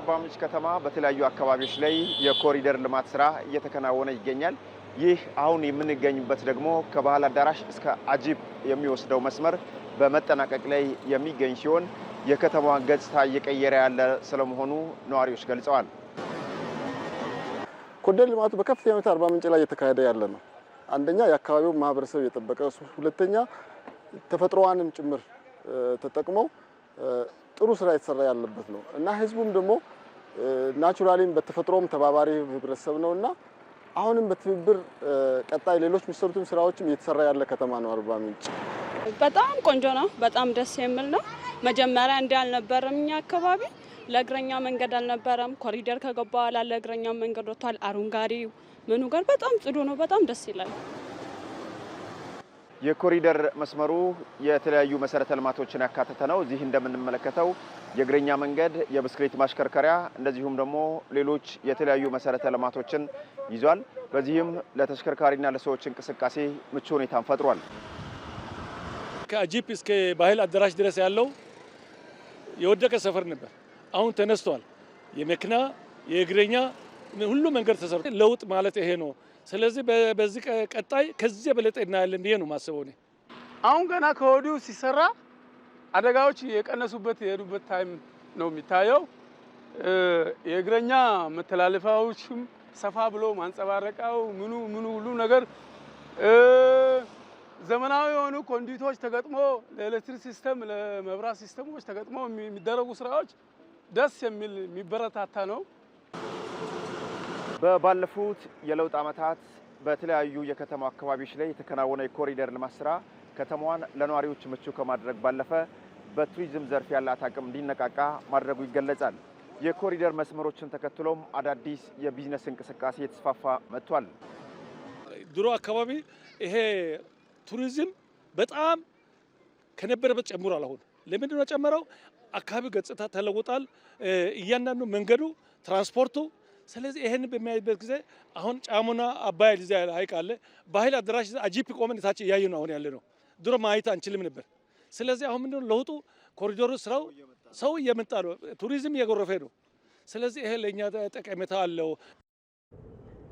በአርባ ምንጭ ከተማ በተለያዩ አካባቢዎች ላይ የኮሪደር ልማት ስራ እየተከናወነ ይገኛል። ይህ አሁን የምንገኝበት ደግሞ ከባህል አዳራሽ እስከ አጂፕ የሚወስደው መስመር በመጠናቀቅ ላይ የሚገኝ ሲሆን የከተማዋን ገጽታ እየቀየረ ያለ ስለመሆኑ ነዋሪዎች ገልጸዋል። ኮሪደር ልማቱ በከፍተኛ ሁኔታ አርባ ምንጭ ላይ እየተካሄደ ያለ ነው። አንደኛ የአካባቢው ማህበረሰብ እየጠበቀ፣ ሁለተኛ ተፈጥሮዋንም ጭምር ተጠቅመው ጥሩ ስራ የተሰራ ያለበት ነው እና ህዝቡም ደግሞ ናቹራሊም በተፈጥሮም ተባባሪ ህብረተሰብ ነው እና አሁንም በትብብር ቀጣይ ሌሎች የሚሰሩትን ስራዎችም እየተሰራ ያለ ከተማ ነው አርባ ምንጭ። በጣም ቆንጆ ነው። በጣም ደስ የሚል ነው። መጀመሪያ እንዲህ አልነበረም። እኛ አካባቢ ለእግረኛ መንገድ አልነበረም። ኮሪደር ከገባ በኋላ ለእግረኛ መንገድ ወጥቷል። አረንጓዴው ምኑ ጋር በጣም ጽዱ ነው። በጣም ደስ ይላል። የኮሪደር መስመሩ የተለያዩ መሰረተ ልማቶችን ያካተተ ነው። እዚህ እንደምንመለከተው የእግረኛ መንገድ፣ የብስክሌት ማሽከርከሪያ እንደዚሁም ደግሞ ሌሎች የተለያዩ መሰረተ ልማቶችን ይዟል። በዚህም ለተሽከርካሪና ለሰዎች እንቅስቃሴ ምቹ ሁኔታን ፈጥሯል። ከአጂፕ እስከ ባህል አዳራሽ ድረስ ያለው የወደቀ ሰፈር ነበር። አሁን ተነስቷል። የመኪና የእግረኛ ሁሉ መንገድ ተሰርቶ ለውጥ ማለት ይሄ ነው። ስለዚህ በዚህ ቀጣይ ከዚህ የበለጠ እናያለን ብዬ ነው ማስበው። እኔ አሁን ገና ከወዲሁ ሲሰራ አደጋዎች የቀነሱበት የሄዱበት ታይም ነው የሚታየው። የእግረኛ መተላለፊያዎችም ሰፋ ብሎ ማንጸባረቂያው ምኑ ምኑ ሁሉ ነገር ዘመናዊ የሆኑ ኮንዲቶች ተገጥሞ ለኤሌክትሪክ ሲስተም ለመብራት ሲስተሞች ተገጥሞ የሚደረጉ ስራዎች ደስ የሚል የሚበረታታ ነው። በባለፉት የለውጥ ዓመታት በተለያዩ የከተማ አካባቢዎች ላይ የተከናወነ የኮሪደር ልማት ስራ ከተማዋን ለነዋሪዎች ምቹ ከማድረግ ባለፈ በቱሪዝም ዘርፍ ያላት አቅም እንዲነቃቃ ማድረጉ ይገለጻል። የኮሪደር መስመሮችን ተከትሎም አዳዲስ የቢዝነስ እንቅስቃሴ የተስፋፋ መጥቷል። ድሮ አካባቢ ይሄ ቱሪዝም በጣም ከነበረበት ጨምሯል። አሁን ለምንድን ነው ጨመረው? አካባቢው ገጽታ ተለውጣል። እያንዳንዱ መንገዱ፣ ትራንስፖርቱ ስለዚህ ይሄን በሚያይበት ጊዜ አሁን ጫሙና አባይ ልዚ ሀይቅ አለ። በኃይል አደራሽ አጂፕ ቆመን እታች እያዩ ነው አሁን ያለ ነው። ድሮ ማየት አንችልም ነበር። ስለዚህ አሁን ምንድነው ለውጡ? ኮሪዶሩ ስራው ሰው እየመጣ ነው። ቱሪዝም እየጎረፈ ነው። ስለዚህ ይሄ ለእኛ ጠቀሜታ አለው።